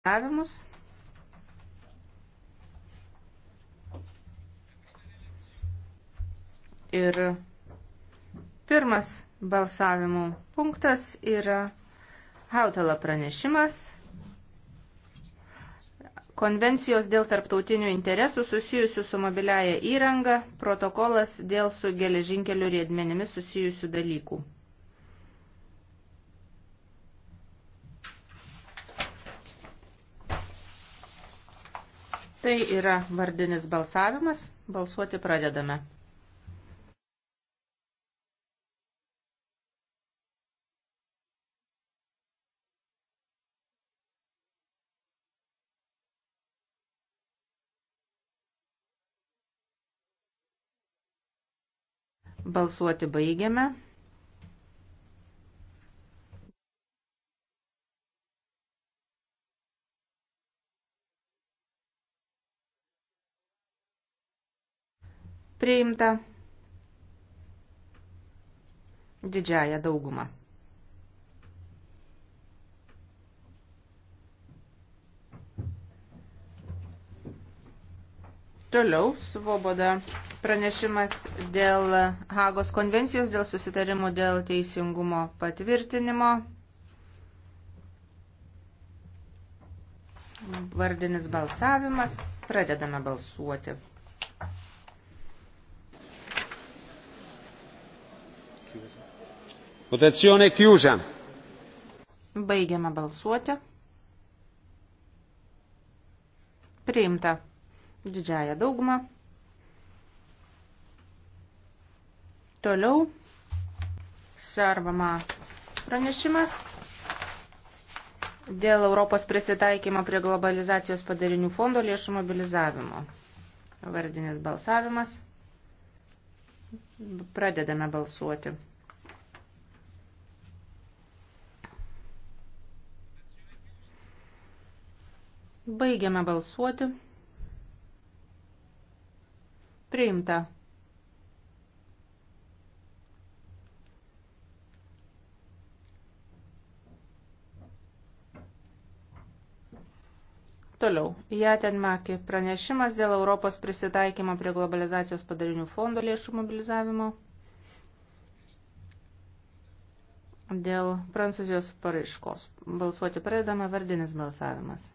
balsavimus. Ir pirmas balsavimų punktas yra Hautala pranešimas. Konvencijos dėl tarptautinių interesų susijusių su mobiliaja įranga, protokolas dėl su geležinkeliu riedmenimis susijusių dalykų. Tai yra vardinis balsavimas. Balsuoti pradedame. Balsuoti baigiame. priimta didžiaja dauguma. Toliau svoboda pranešimas dėl Hagos konvencijos, dėl susitarimų dėl teisingumo patvirtinimo. Vardinis balsavimas. Pradedame balsuoti. Votazione chiusa. Baigiame balsuoti. Priimta didžiaja dauguma. Toliau servama pranešimas dėl Europos prisitaikymo prie globalizacijos padarinių fondo lėšų mobilizavimo. Vardinis balsavimas. Pradedame balsuoti. Baigiame balsuoti. Priimta. Toliau. Jatenmaki pranešimas dėl Europos prisitaikymo prie globalizacijos padarinių fondo lėšų mobilizavimo. Dėl Prancūzijos paraiškos. Balsuoti pradedama vardinis balsavimas.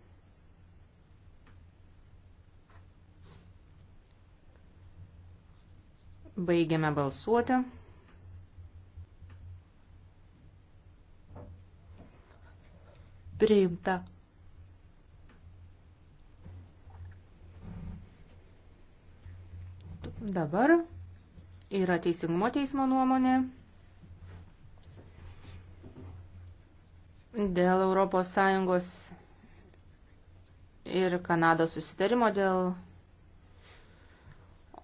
Baigiame balsuoti. Priimta. Dabar yra teisingumo teismo nuomonė dėl Europos Sąjungos ir Kanados susitarimo dėl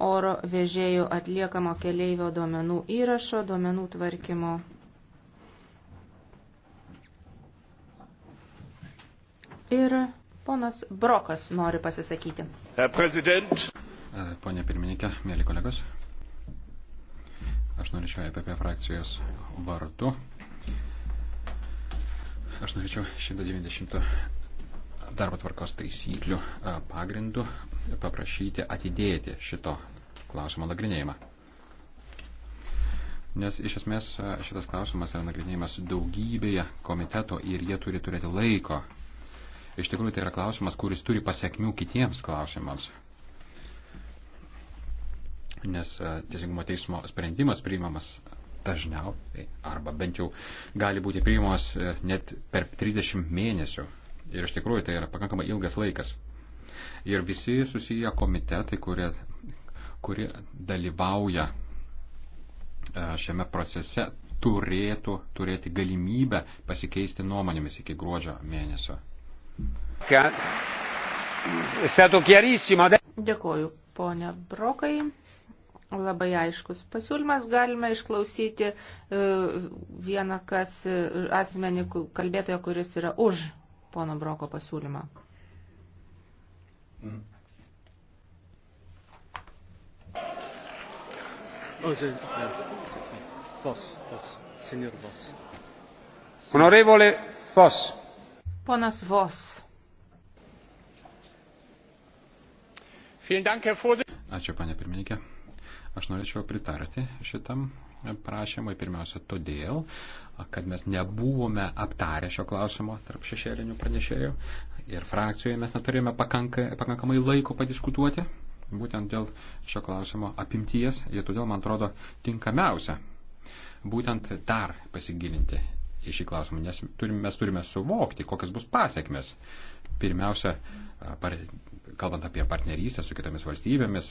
oro vežėjų atliekamo keleivio duomenų įrašo, duomenų tvarkymo. Ir ponas Brokas nori pasisakyti. Prezident. E, Pone pirmininkė, mėly kolegos, aš norėčiau EPP frakcijos vardu. Aš norėčiau 190 darbo tvarkos taisyklių e, pagrindų paprašyti atidėti šito klausimo nagrinėjimą. Nes iš esmės e, šitas klausimas yra nagrinėjimas daugybėje komiteto ir jie turi turėti laiko. Iš tikrųjų tai yra klausimas, kuris turi pasiekmių kitiems klausimams. Nes e, teisingumo teismo sprendimas priimamas dažniausiai, arba bent jau gali būti priimamas e, net per 30 mėnesių. Ir iš tikrųjų tai yra pakankamai ilgas laikas ir visi susiję komitetai, kurie, kurie dalyvauja e, šiame procese, turėtų turėti galimybę pasikeisti nuomonėmis iki gruodžio mėnesio. Dėkuoju, ponia Brokai. Labai aiškus pasiūlymas galime išklausyti e, vieną kas e, asmenį kalbėtoją, kuris yra už pono Broko pasiūlymą. Mm. Honorevole oh, eh, Vos. Ponas Vos. Ačiū, panė pirmininkė. Aš norėčiau pritarti šitam prašymai, pirmiausia, todėl, kad mes nebuvome aptarę šio klausimo tarp šešėlinių pranešėjų ir frakcijoje mes neturėjome pakanka, pakankamai laiko padiskutuoti būtent dėl šio klausimo apimties ir todėl, man atrodo, tinkamiausia būtent dar pasigilinti į šį klausimą, nes turime, mes turime suvokti, kokias bus pasiekmes. Pirmiausia, par, kalbant apie partnerystę su kitomis valstybėmis,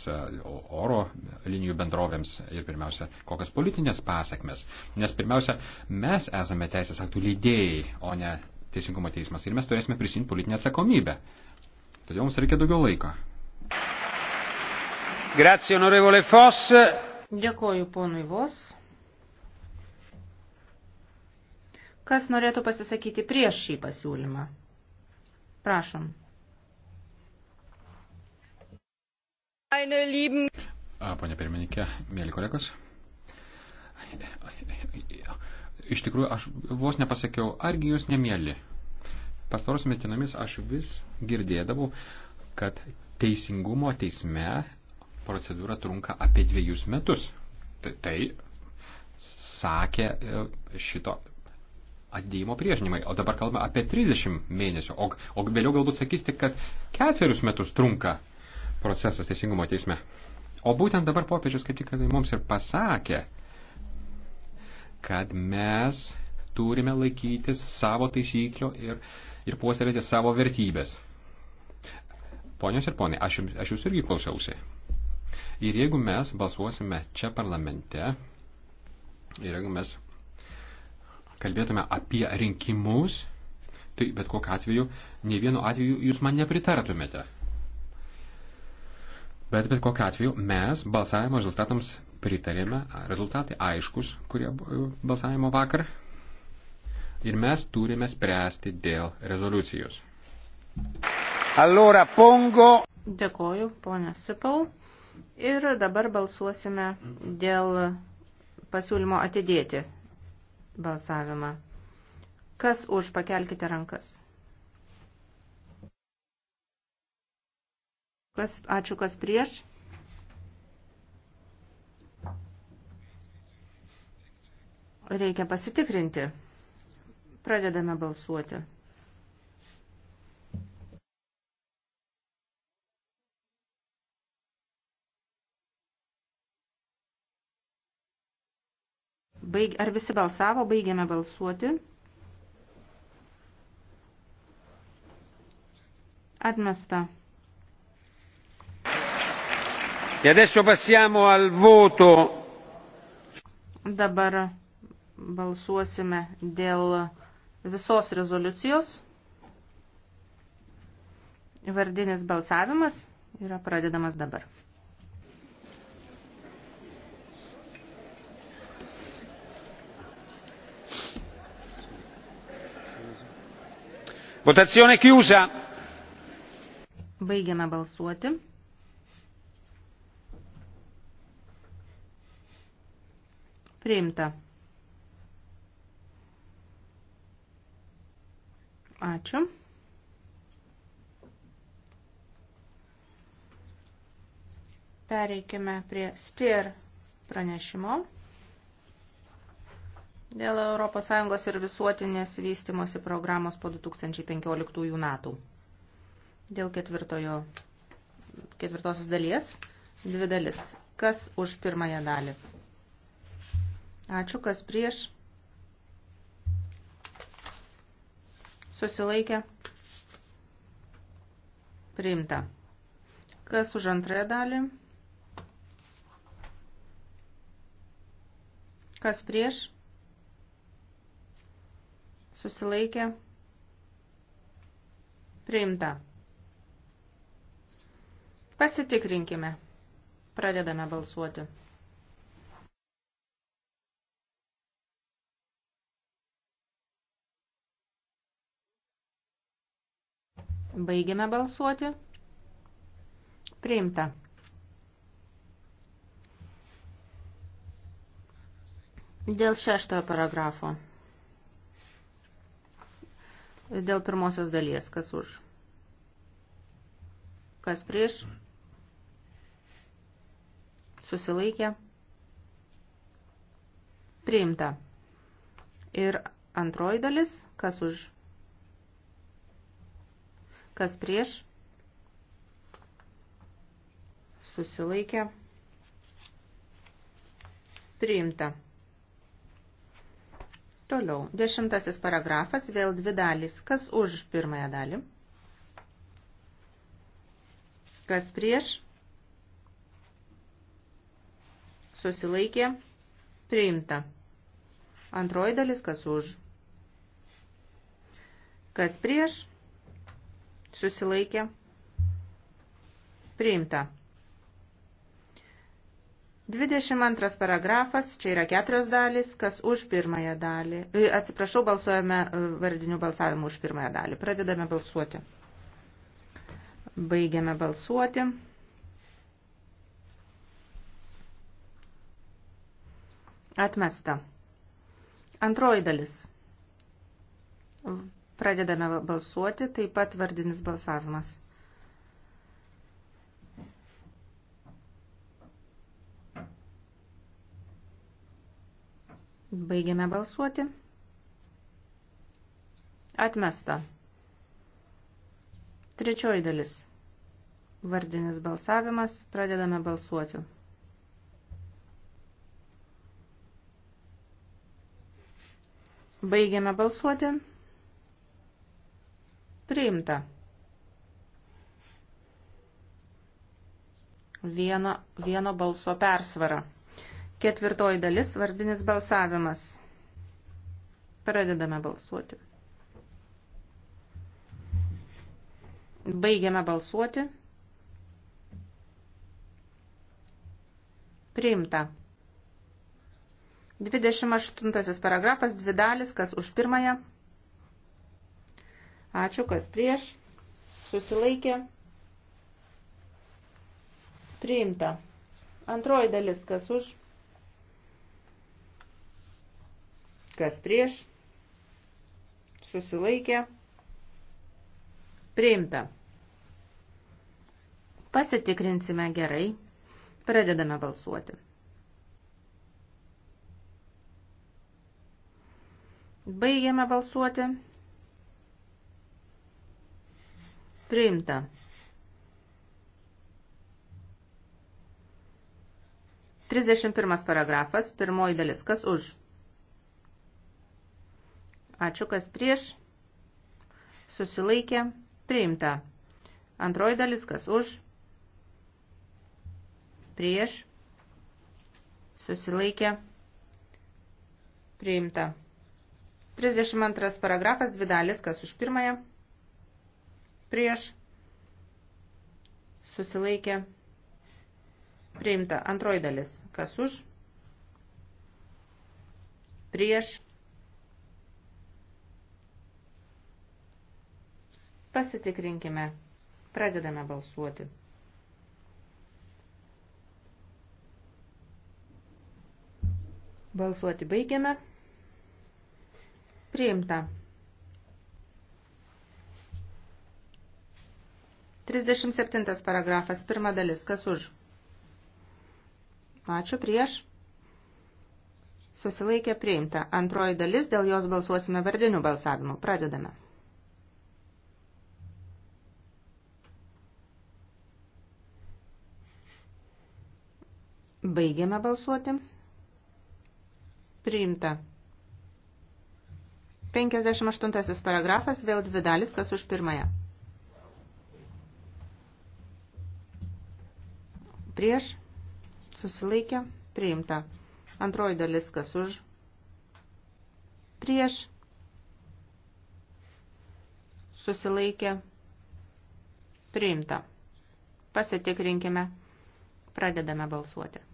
oro linijų bendrovėms ir pirmiausia, kokias politinės pasiekmes. Nes pirmiausia, mes esame teisės aktų lydėjai, o ne Teisingumo teismas ir mes turėsime prisimti politinę atsakomybę. Todėl mums reikia daugiau laiko. Grazie, onorevole Foss. Dėkoju, ponui Vos. Kas norėtų pasisakyti prieš šį pasiūlymą? Prašom. Pane pirmininkė, mėly kolegos. Iš tikrųjų, aš vos nepasakiau, argi jūs nemėly. Pastarosiamis dienomis aš vis girdėdavau, kad teisingumo teisme procedūra trunka apie dviejus metus. Tai, tai sakė e, šito atidėjimo priešinimai, o dabar kalbame apie 30 mėnesių, o, o vėliau galbūt sakysite, kad ketverius metus trunka procesas teisingumo teisme. O būtent dabar popiežius kaip tik mums ir pasakė, kad mes turime laikytis savo taisyklių ir, ir puoselėti savo vertybės. Ponios ir ponai, aš, jums, aš jūs irgi klausiausi. Ir jeigu mes balsuosime čia parlamente, ir jeigu mes kalbėtume apie rinkimus, tai bet kokiu atveju, ne vienu atveju jūs man nepritartumėte. Bet bet kokiu atveju mes balsavimo rezultatams pritarėme, rezultatai aiškus, kurie buvo e, balsavimo vakar. Ir mes turime spręsti dėl rezoliucijos. Allora pongo. Dėkoju, ponė Sipal. Ir dabar balsuosime dėl pasiūlymo atidėti balsavimą. Kas už, pakelkite rankas. Kas, ačiū, kas prieš. Reikia pasitikrinti. Pradedame balsuoti. Baig, ar visi balsavo? Baigėme balsuoti. Atmesta. E adesso passiamo al voto. Dabar balsuosime dėl visos rezoliucijos. Vardinis balsavimas yra pradedamas dabar. Votazione chiusa. Baigiame balsuoti. Priimta. Ačiū. Pereikime prie STIR pranešimo dėl ES ir visuotinės vystimosi programos po 2015 metų. Dėl ketvirtojo, ketvirtosios dalies, dvi dalis. Kas už pirmąją dalį? Ačiū, kas prieš? Susilaikė? Priimta. Kas už antrąją dalį? Kas prieš? susilaikė, priimta. Pasitikrinkime. Pradedame balsuoti. Baigiame balsuoti. Priimta. Dėl šeštojo paragrafo. Dėl pirmosios dalies, kas už? Kas prieš? Susilaikė? Priimta. Ir antroji dalis, kas už? Kas prieš? Susilaikė? Priimta. Toliau, dešimtasis paragrafas, vėl dvi dalys. Kas už pirmąją dalį? Kas prieš? Susilaikė. Priimta. Antroji dalis, kas už? Kas prieš? Susilaikė. Priimta. 22 paragrafas, čia yra keturios dalys, kas už pirmąją dalį. E, atsiprašau, balsuojame e, vardinių balsavimų už pirmąją dalį. Pradedame balsuoti. Baigiame balsuoti. Atmesta. Antroji dalis. Pradedame balsuoti, taip pat vardinis balsavimas. Baigiame balsuoti. Atmesta. Trečioji dalis. Vardinis balsavimas. Pradedame balsuoti. Baigiame balsuoti. Priimta. Vieno, vieno balso persvara. Ketvirtoji dalis – vardinis balsavimas. Pradedame balsuoti. Baigiame balsuoti. Priimta. 28 paragrafas, dvi dalis, kas už pirmąją. Ačiū, kas prieš. Susilaikė. Priimta. Antroji dalis, kas už kas prieš, susilaikė, priimta. Pasitikrinsime gerai, pradedame balsuoti. Baigiame balsuoti. Priimta. Trisdešimt pirmas paragrafas, pirmoji dalis, kas už? Ačiū, kas prieš. Susilaikė. Priimta. Antroji dalis, kas už. Prieš. Susilaikė. Priimta. 32 paragrafas, dvi dalis, kas už pirmąją. Prieš. Susilaikė. Priimta. Antroji dalis, kas už. Prieš Pasitikrinkime. Pradedame balsuoti. Balsuoti baigiame. Priimta. 37 paragrafas, pirma dalis, kas už? Ačiū, prieš. Susilaikė priimta. Antroji dalis, dėl jos balsuosime vardiniu balsavimu. Pradedame. Baigiame balsuoti. Priimta. 58 paragrafas, vėl dvi dalis, kas už pirmąją. Prieš, susilaikė, priimta. Antroji dalis, kas už. Prieš, susilaikė, priimta. Pasitikrinkime, pradedame balsuoti.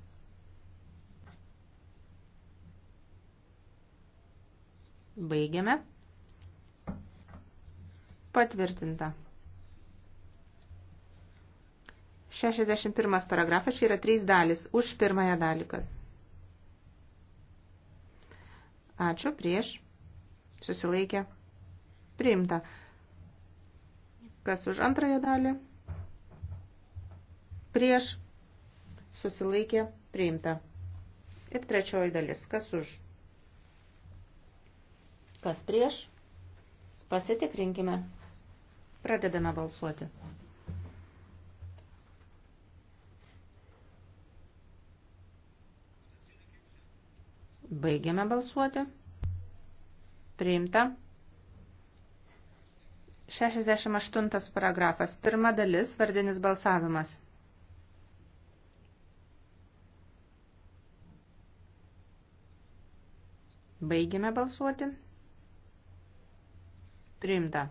Baigiame. Patvirtinta. 61 paragrafas, čia yra trys dalis, už pirmąją dalį kas. Ačiū, prieš, susilaikė, priimta. Kas už antrąją dalį? Prieš, susilaikė, priimta. Ir trečioji dalis, kas už Kas prieš? Pasitikrinkime. Pradedame balsuoti. Baigiame balsuoti. Priimta. 68 paragrafas. Pirma dalis – vardinis balsavimas. Baigiame balsuoti. Priimta.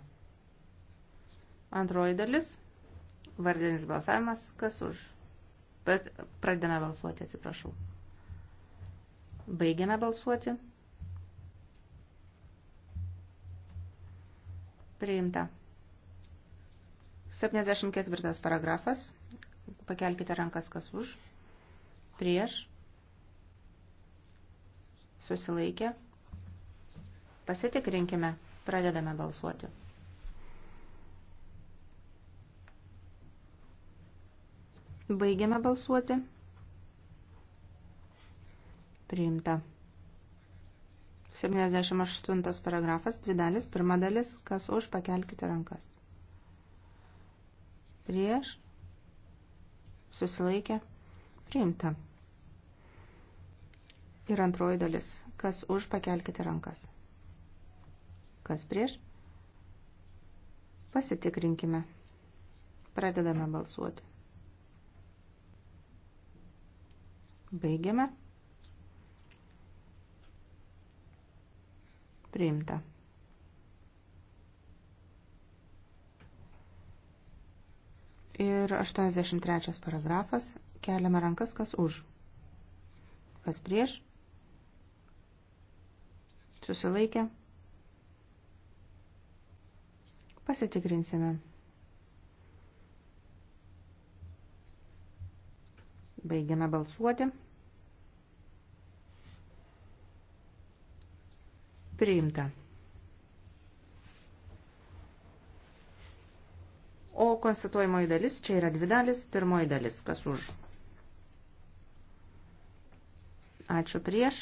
Antroji dalis. Vardinis balsavimas. Kas už? Bet pradėme balsuoti, atsiprašau. Baigiame balsuoti. Priimta. 74 paragrafas. Pakelkite rankas, kas už. Prieš. Susilaikė. Pasitikrinkime. Pradedame balsuoti. Baigiame balsuoti. Priimta. 78 paragrafas, dvi dalis, pirma dalis, kas už, pakelkite rankas. Prieš, susilaikė, priimta. Ir antroji dalis, kas už, pakelkite rankas kas prieš. Pasitikrinkime. Pradedame balsuoti. Baigiame. Priimta. Ir 83 paragrafas. Keliame rankas, kas už. Kas prieš. Susilaikė. Pasitikrinsime. Baigiame balsuoti. Priimta. O konstatuojamoji dalis, čia yra dvi dalis, pirmoji dalis, kas už. Ačiū prieš,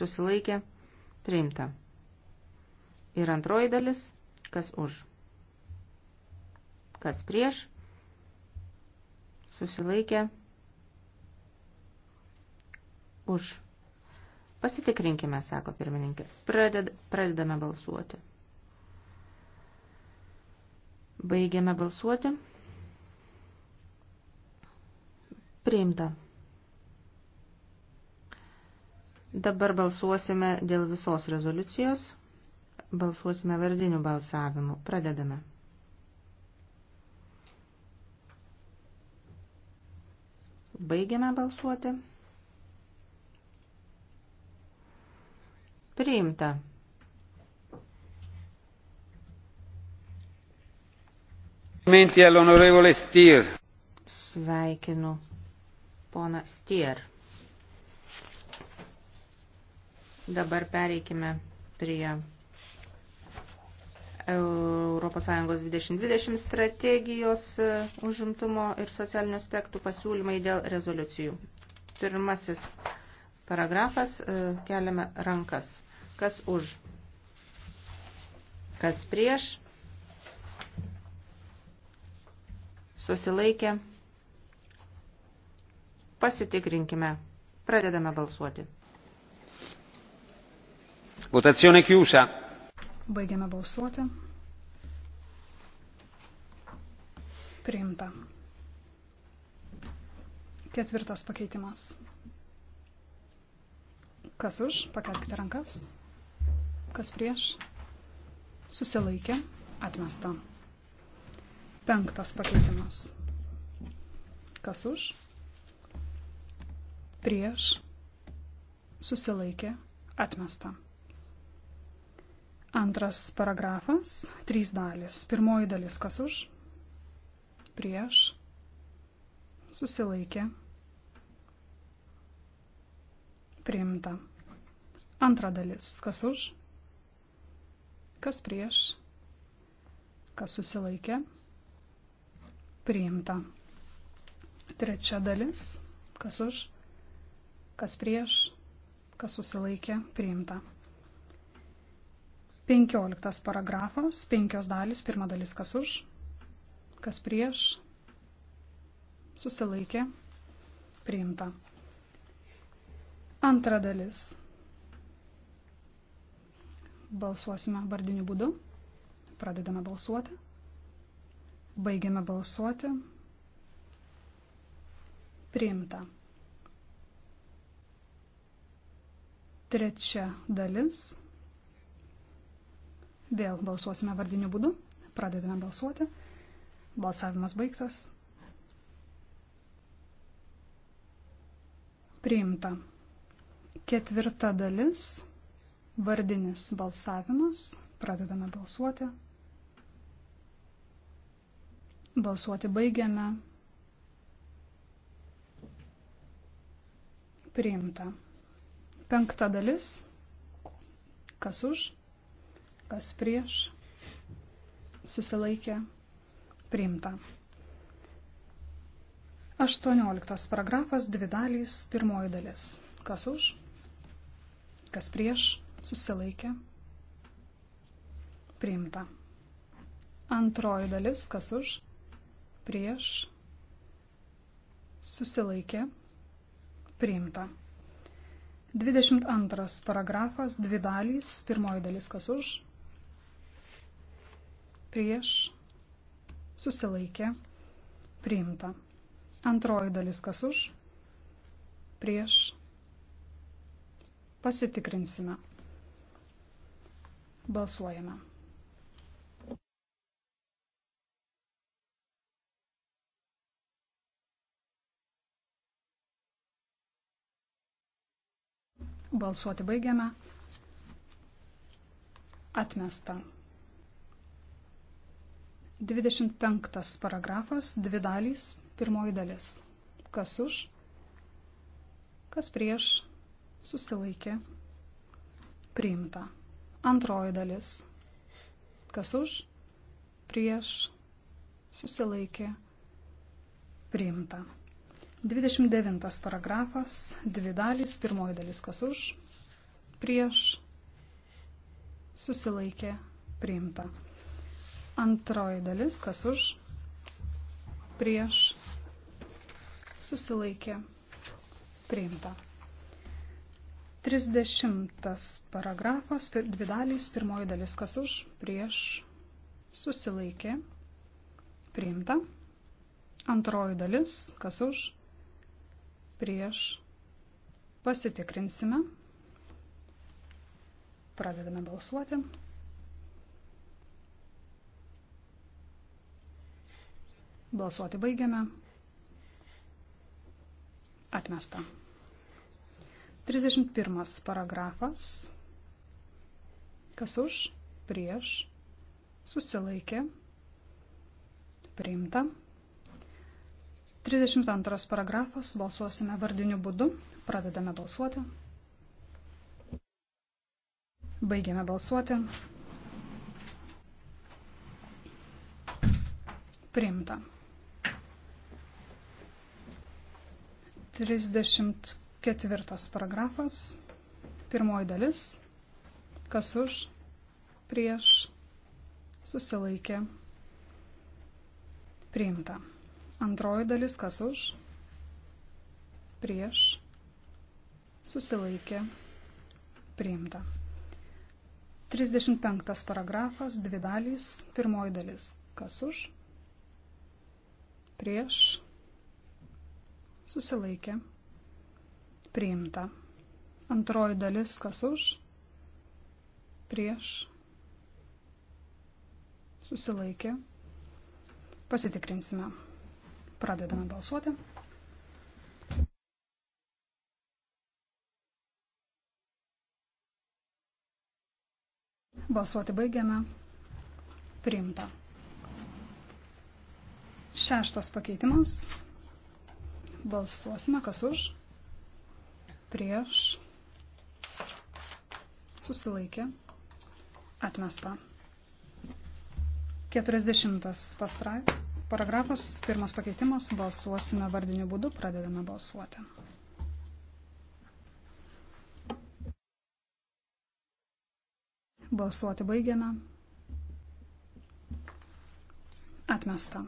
susilaikė, priimta. Ir antroji dalis, Kas už? Kas prieš? Susilaikė. Už. Pasitikrinkime, sako pirmininkės. Praded, pradedame balsuoti. Baigiame balsuoti. Priimta. Dabar balsuosime dėl visos rezoliucijos balsuosime vardiniu balsavimu. Pradedame. Baigiame balsuoti. Priimta. Sveikinu poną Stier. Dabar pereikime prie ES 2020 strategijos e, užimtumo ir socialinių aspektų pasiūlymai dėl rezoliucijų. Pirmasis paragrafas, e, keliame rankas. Kas už? Kas prieš? Susilaikė. Pasitikrinkime. Pradedame balsuoti. Votazione chiusa. Baigiame balsuoti. Priimta. Ketvirtas pakeitimas. Kas už? Pakelkite rankas. Kas prieš? Susilaikė. Atmesta. Penktas pakeitimas. Kas už? Prieš. Susilaikė. Atmesta. Antras paragrafas, trys dalis. Pirmoji dalis kas už, prieš, susilaikė, priimta. Antra dalis kas už, kas prieš, kas susilaikė, priimta. Trečia dalis kas už, kas prieš, kas susilaikė, priimta. 15 paragrafas, 5 dalis, pirma dalis kas už, kas prieš, susilaikė, priimta. Antra dalis. Balsuosime vardiniu būdu. Pradedame balsuoti. Baigiame balsuoti. Priimta. Trečia dalis. Vėl balsuosime vardiniu būdu. Pradedame balsuoti. Balsavimas baigtas. Priimta. Ketvirta dalis. Vardinis balsavimas. Pradedame balsuoti. Balsuoti baigiame. Priimta. Penkta dalis. Kas už? kas prieš, susilaikė, priimta. 18 paragrafas, dvi dalys, pirmoji dalis. Kas už, kas prieš, susilaikė, priimta. Antroji dalis, kas už, prieš, susilaikė, priimta. 22 paragrafas, dvi dalys, pirmoji dalis, kas už, prieš, susilaikė, priimta. Antroji dalis kas už, prieš, pasitikrinsime. Balsuojame. Balsuoti baigiame. Atmesta. 25 paragrafas, dvi dalys, pirmoji dalis. Kas už, kas prieš, susilaikė, priimta. Antroji dalis. Kas už, prieš, susilaikė, priimta. 29 paragrafas, dvi dalys, pirmoji dalis kas už, prieš, susilaikė, priimta. Antroji dalis, kas už, prieš, susilaikė, priimta. 30 paragrafas, dvi dalys, pirmoji dalis, kas už, prieš, susilaikė, priimta. Antroji dalis, kas už, prieš, pasitikrinsime. Pradedame balsuoti. Balsuoti baigiame. Atmesta. 31 paragrafas. Kas už, prieš, susilaikė, priimta. 32 paragrafas. Balsuosime vardiniu būdu. Pradedame balsuoti. Baigiame balsuoti. Priimta. 34 paragrafas, pirmoji dalis, kas už, prieš, susilaikė, priimta. Antroji dalis, kas už, prieš, susilaikė, priimta. 35 paragrafas, dvi dalys, pirmoji dalis, kas už, prieš, susilaikė, priimta. Antroji dalis, kas už, prieš, susilaikė. Pasitikrinsime. Pradedame balsuoti. Balsuoti baigiame. Priimta. Šeštas pakeitimas. Balsuosime, kas už, prieš, susilaikė, atmesta. 40 pastraip, paragrafas, pirmas pakeitimas, balsuosime vardiniu būdu, pradedame balsuoti. Balsuoti baigiame. Atmesta.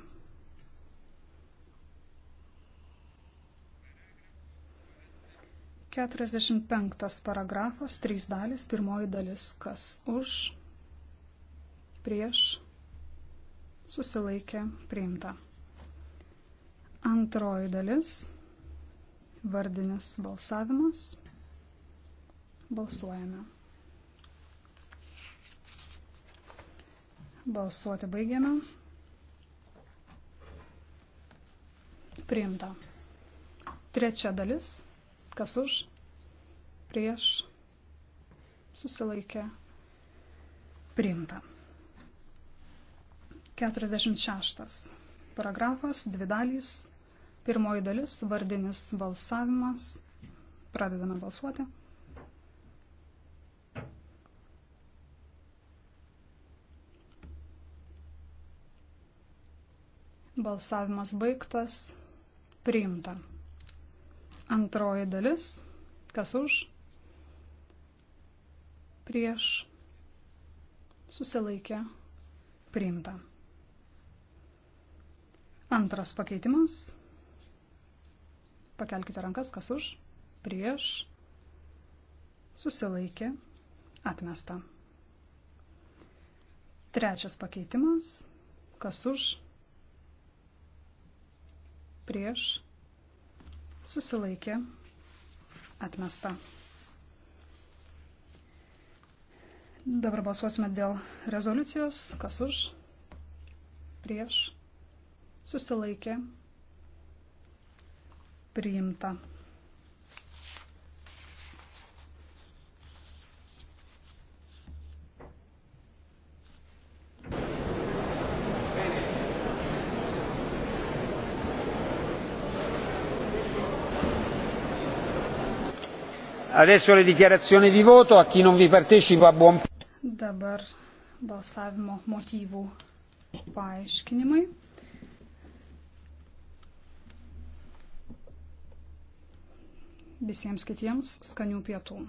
45 paragrafas, 3 dalis, pirmoji dalis, kas už, prieš, susilaikė, priimta. Antroji dalis, vardinis balsavimas, balsuojame. Balsuoti baigiame. Priimta. Trečia dalis. Kas už? Prieš? Susilaikė? Priimta. 46. Paragrafas, dvi dalys. Pirmoji dalis, vardinis balsavimas. Pradedame balsuoti. Balsavimas baigtas. Priimta. Antroji dalis. Kas už? Prieš. Susilaikė. Priimta. Antras pakeitimas. Pakelkite rankas, kas už, prieš, susilaikė, atmesta. Trečias pakeitimas, kas už, prieš, susilaikė, atmesta. Dabar balsuosime dėl rezoliucijos, kas už, prieš, susilaikė, priimta. Adesso le dichiarazioni di voto, a chi non vi partecipa buon. Dabar balsavimo motyvų paaiškinimai. Visiems kitiems skanių pietų.